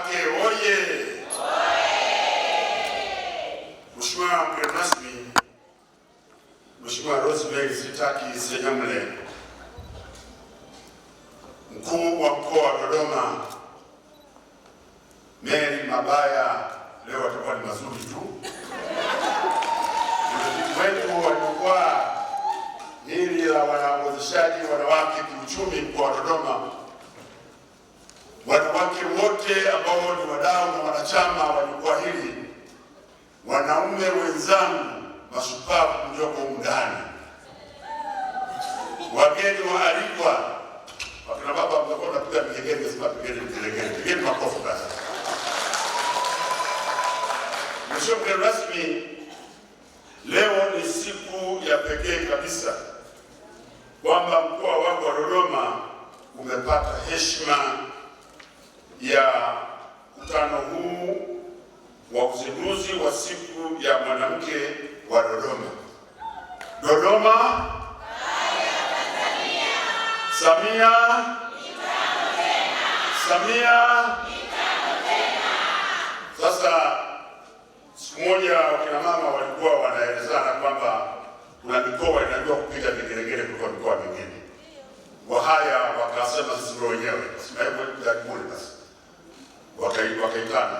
Makete oye! Mheshimiwa mgeni rasmi, Mheshimiwa Rosemary Sitaki Senyamule, mkuu wa mkoa wa Dodoma, Mary Mabaya, leo atakuwa ni mazuri tu wetu wa jukwaa hili la wanaozeshaji wanawake kiuchumi mkoa wa Dodoma wanawake wote ambao ni wadau na wanachama wa jukwaa hili, wanaume wenzangu mashupavu mlioko ndani, wageni waalikwa, wakina baba mtakuwa napiga vigelegele, sema pigeni vigelegele, pigeni makofu basi. Mheshimiwa mgeni rasmi, leo ni siku ya pekee kabisa kwamba mkoa wako wa Dodoma umepata heshima ya mkutano huu wa uzinduzi wa siku ya mwanamke wa Dodoma. Dodoma Samia, Samia. Sasa siku moja wakina mama walikuwa wanaelezana kwamba kuna mikoa inajua kupiga vigelegele kuliko mikoa mingine. Wahaya wakasema sisi wenyewe, sema hebu jaribuni basi wakaitana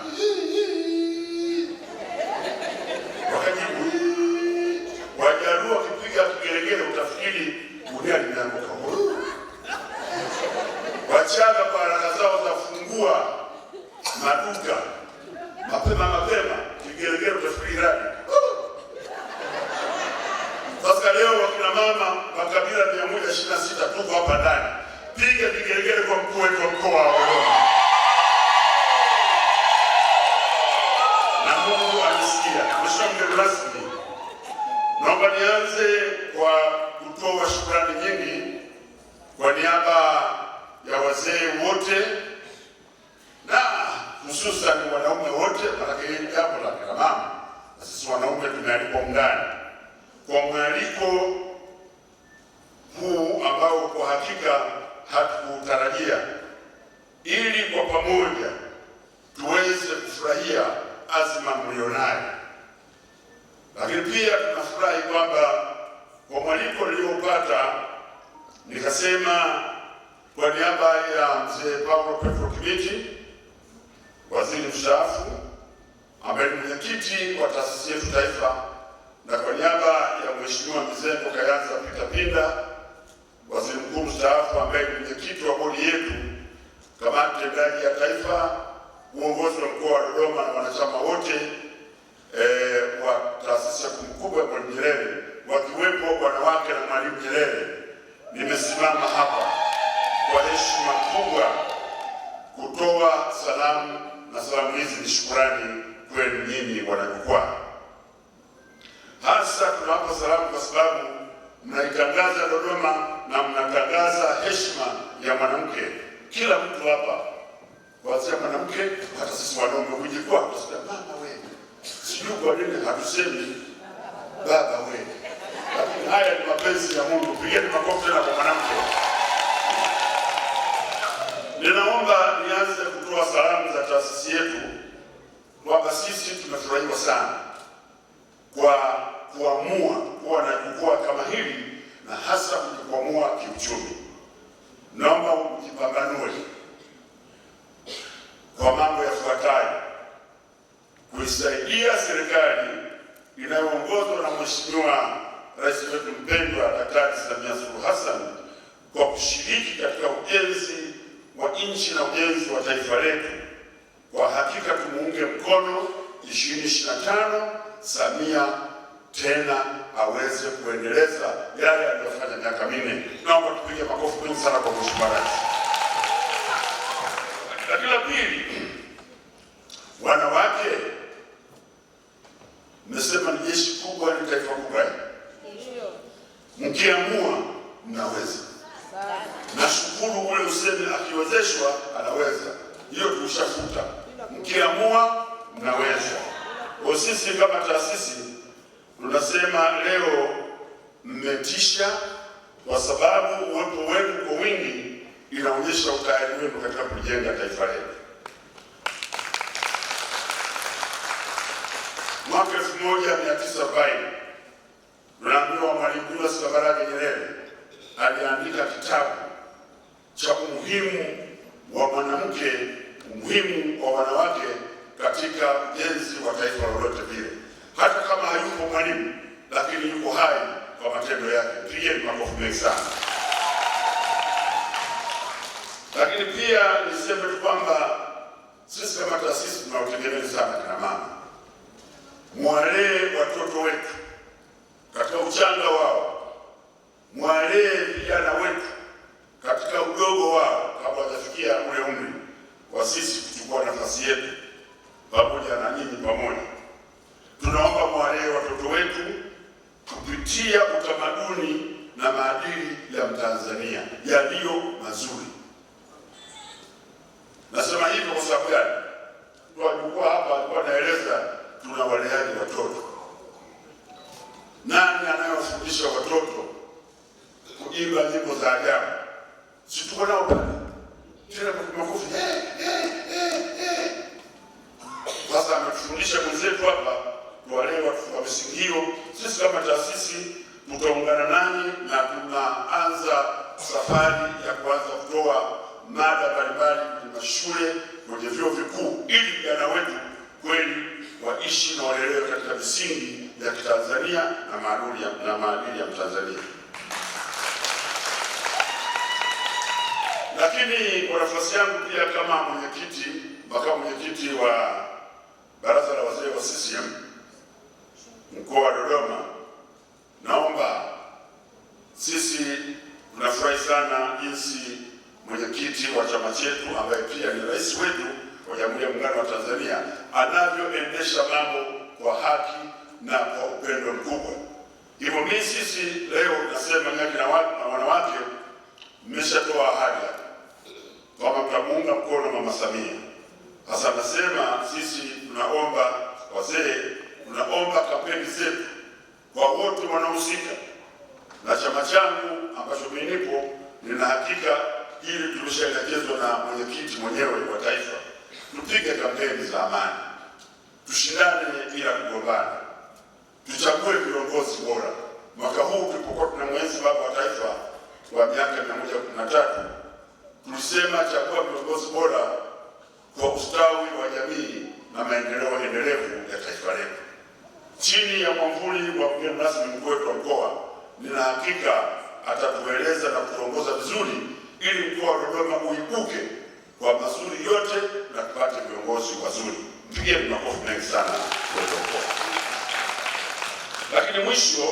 wakajibu Wajaluo wakipiga kigelegele utafikiri dunia limeanguka. Wachaga kwa haraka zao zafungua maduka mapema mapema, kigelegele utafikiri radi. Sasa leo wakina mama wa kabila mia moja ishirini na sita tuko hapa ndani, piga kigelegele kwa mkuu wetu wa mkoa wa Dodoma. rasmi, naomba nianze kwa kutoa shukrani nyingi kwa niaba ya wazee wote na hususan wanaume wote, maanake jambo la kina mama na sisi wanaume tumealikwa mndani kwa mwaliko huu ambao kwa hakika hatukutarajia, ili kwa pamoja tuweze kufurahia azma mlionayo. Lakini pia tunafurahi kwamba kwa mwaliko niliopata nikasema kwa niaba ya mzee Paulo Petro Kimiti, waziri mstaafu, ambaye ni mwenyekiti wa taasisi yetu taifa, na kwa niaba ya mheshimiwa Mizengo Kayanza Peter Pinda, waziri mkuu mstaafu, ambaye ni mwenyekiti wa bodi yetu, kamati tendaji ya taifa, uongozi wa mkoa wa Dodoma na wanachama wote eh, wa taasisi ya kumkubwa Mwalimu Nyerere wakiwepo wanawake na Mwalimu Nyerere, nimesimama hapa kwa heshima kubwa kutoa salamu, na salamu hizi ni shukurani kwenu nyinyi wanajukwaa, hasa tunawapa salamu kwa sababu mnaitangaza Dodoma na mnatangaza heshima ya mwanamke. Kila mtu hapa kwanzia mwanamke hata sisi wanaume hujikwaa, mama wewe sijui kwa nini hatusemi baba wewe, lakini haya ni mapenzi ya Mungu. Pigeni makofi tena kwa mwanamke. Ninaomba nianze kutoa salamu za taasisi yetu kwamba sisi tumefurahiwa sana kwa kuamua kuwa na jukwaa kama hili na hasa kujikwamua kiuchumi. ishirini Samia tena aweze kuendeleza yale aliyofanya miaka minne. Naomba tupige makofi mengi sana kwa Mheshimiwa Rais. Lakini la pili, wanawake, mmesema ni jeshi kubwa, ni taifa kubwa. Eh? Mkiamua mnaweza. Nashukuru ule usemi, akiwezeshwa anaweza, hiyo tumeshafuta, Mkiamua mnaweza. Kwa sisi kama taasisi tunasema leo mmetisha, kwa sababu uwepo wenu kwa wingi inaonyesha utayari wenu katika kujenga taifa letu. Mwaka elfu moja mia tisa arobaini tunaambiwa Mwalimu Julius Kambarage mwalee watoto wetu katika uchanga wao, mwalee vijana wetu katika udogo wao, kabla hajafikia ule umri kwa sisi kuchukua nafasi yetu pamoja na nyinyi. Pamoja tunaomba mwalee watoto wetu kupitia utamaduni na maadili ya Mtanzania yaliyo mazuri. na waleaji watoto? Nani anayofundisha watoto kuimba nyimbo za ajabu? Si tuko nao pale tena makofi. Sasa ametufundisha mwenzetu hapa wale watu wa misingio. Sisi kama taasisi mtaungana nani, na tunaanza safari ya kuanza kutoa mada mbalimbali kwenye mashule, kwenye vyuo vikuu ili vijana wetu kweli waishi na walelewe katika misingi ya Kitanzania na maadili ya Mtanzania. Lakini kwa nafasi yangu pia kama mwenyekiti, makamu mwenyekiti wa baraza la wazee wa CCM mkoa wa Dodoma anavyoendesha mambo kwa haki na kwa upendo mkubwa. Hivyo mimi sisi leo nasema nyaki na wanawake, mmeshatoa ahadi kwamba mtamuunga mkono mama Samia. Sasa nasema sisi tunaomba wazee, tunaomba kampeni zetu kwa wote wanaohusika na chama changu ambacho mimi nipo, nina hakika ili tulishaelekezwa na mwenyekiti mwenyewe wa taifa, tupige kampeni za amani tushindane bila kugombana, tuchague viongozi bora. Mwaka huu tulipokuwa tuna mwenzi baba wa taifa wa miaka mia moja kumi na tatu tulisema chagua viongozi bora kwa ustawi wa jamii na maendeleo endelevu ya taifa letu. Chini ya mwamvuli wa mgeni rasmi mkuu wetu wa mkoa, nina hakika atatueleza na kutuongoza vizuri ili mkoa wa Dodoma uibuke kwa mazuri yote na tupate viongozi wazuri. Mpigie makofi mengi sana kuokoa. Lakini mwisho,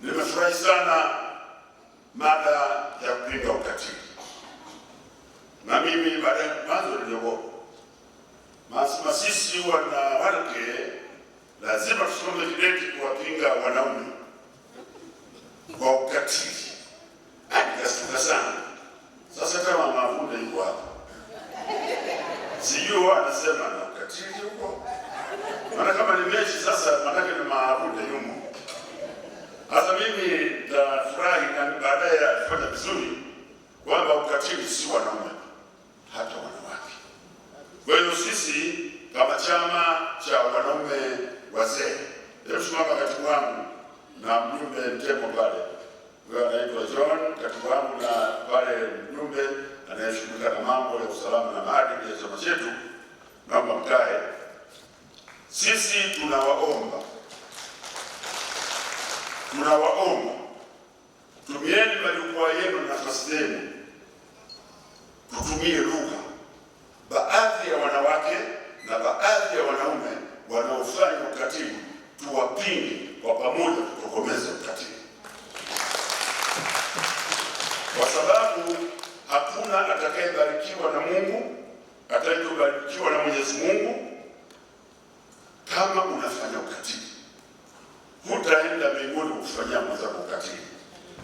nimefurahi sana mada ya kupinga ukatili, na mimi baada ya mwanzo niliogopa masisi wanawake lazima tusome kideti kuwapinga wanaume kwa ukatili. Nikashtuka sana. Sasa kama Mavunde yuko hapa sijui anasema na ukatili huko, maana kama ni mechi sasa, maanake ni maarude yumo. Hasa mimi nafurahi na baadaye alifanya vizuri kwamba ukatili si wanaume, hata wanawake. Kwa hiyo sisi kama chama cha wanaume wazee, simama katibu wangu na mjumbe Mtemo pale, huyo anaitwa John, katibu wangu na pale mjumbe inayoshughulika na mambo ya usalama na maadili ya chama chetu, naomba mkae. Sisi tunawaomba, tunawaomba tumieni majukwaa yenu na nafasi zenu, tutumie lugha. Baadhi ya wanawake na baadhi ya wanaume wanaofanya ukatili tuwapinge kwa pamoja, tutokomeze ukatili kwa sababu atabarikiwa na Mungu, atakayobarikiwa na Mwenyezi Mungu kama unafanya ukatili. Hutaenda mbinguni kufanyia mwenzako ukatili,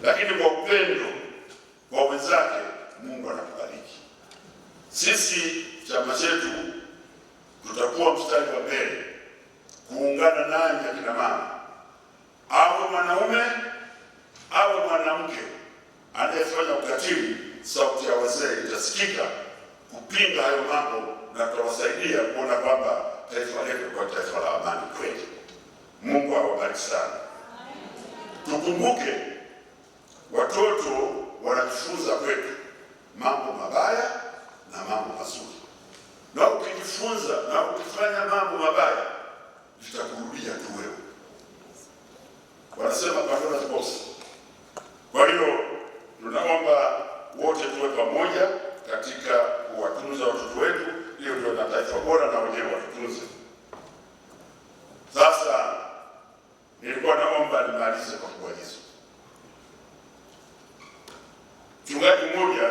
lakini kwa upendo wa wenzake Mungu anakubariki. Sisi chama chetu tutakuwa mstari wa mbele kuungana nanyi akina mama, awe mwanaume awe mwanamke anayefanya ukatili sauti ya wazee itasikika kupinga hayo mambo na tutawasaidia kuona kwamba taifa letu kwa taifa la amani kweli. Mungu awabariki sana. Tukumbuke watoto wanajifunza kwetu mambo mabaya na mambo mazuri, na ukijifunza na ukifanya mambo mabaya vitakurudia tu wewe. Wanasema kwa hiyo wote tuwe pamoja katika kuwatunza watoto wetu, ili tuwe na taifa bora na wenyewe watutunze. Sasa nilikuwa naomba nimalize kwa kuagiza mchungaji mmoja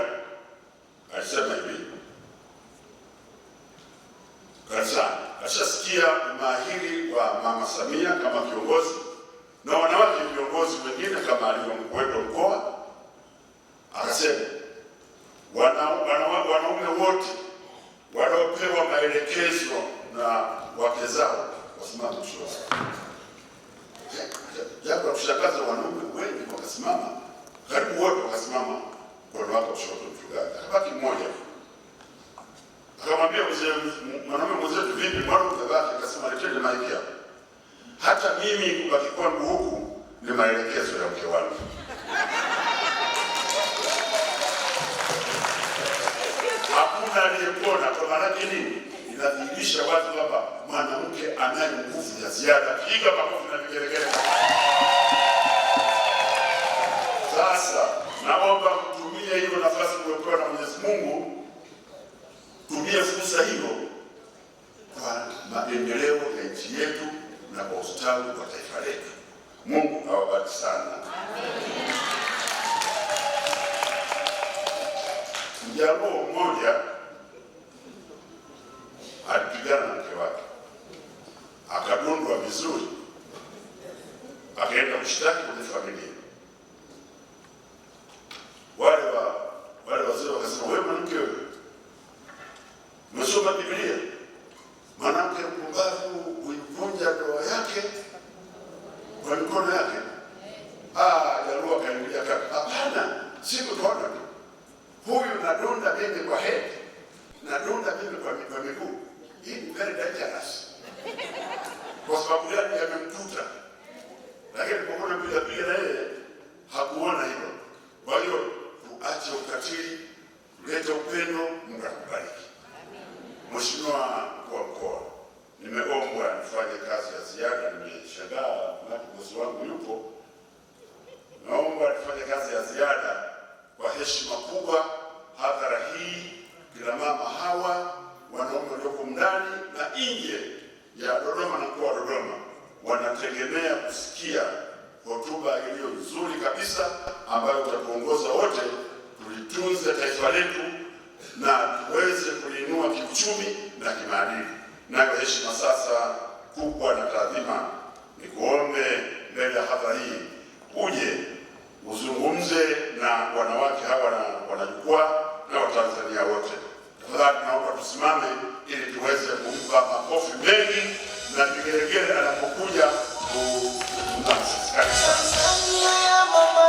washirakazi wa wanaume wengi wakasimama, karibu wote wakasimama, mkono wake wa kushoto mfugaji akabaki mmoja. Akamwambia mzee mwanaume mwenzetu, vipi mbona umebaki? Akasema leteni maiki hapa. Hata mimi kubaki kwangu huku ni maelekezo ya mke wangu. Hakuna aliyepona. Kwa maana nini? inadhihirisha watu hapa, mwanamke anayo nguvu ya ziada. Piga makofi na vigelegele. Sasa naomba mtumie hiyo nafasi uliopewa na Mwenyezi Mungu, tumie fursa hiyo kwa maendeleo ya nchi yetu na kwa ustawi wa taifa letu. Mungu awabariki sana. Mjaluo mmoja alipigana na mke wake, akadundwa vizuri, akaenda kushtaki kwenye familia. Wale wa wale wazee wakasema, wewe mwanamke, wewe umesoma Biblia, mwanamke mpumbavu huivunja ndoa yake kwa mikono yake. Ah, jaluo akaingilia hapana, sikutona huyu nadunda mimi kwa kufanya kazi ya ziada. Nimeshangaa na kiongozi wangu yupo, naomba tufanye kazi ya ziada kwa heshima kubwa. Hadhara hii kila mama hawa wanaume walioko ndani na nje ya Dodoma na mkoa wa Dodoma wanategemea kusikia hotuba iliyo nzuri kabisa ambayo utatuongoza wote tulitunze taifa letu na tuweze kuliinua kiuchumi na kimaadili. Nayo heshima sasa kubwa na taadhima, kuombe mbele ya hadhara hii uje uzungumze na wanawake hawa na wanajukwaa na Watanzania wote. Tafadhali naomba tusimame ili tuweze kumpa makofi mengi na vigelegele anapokuja sana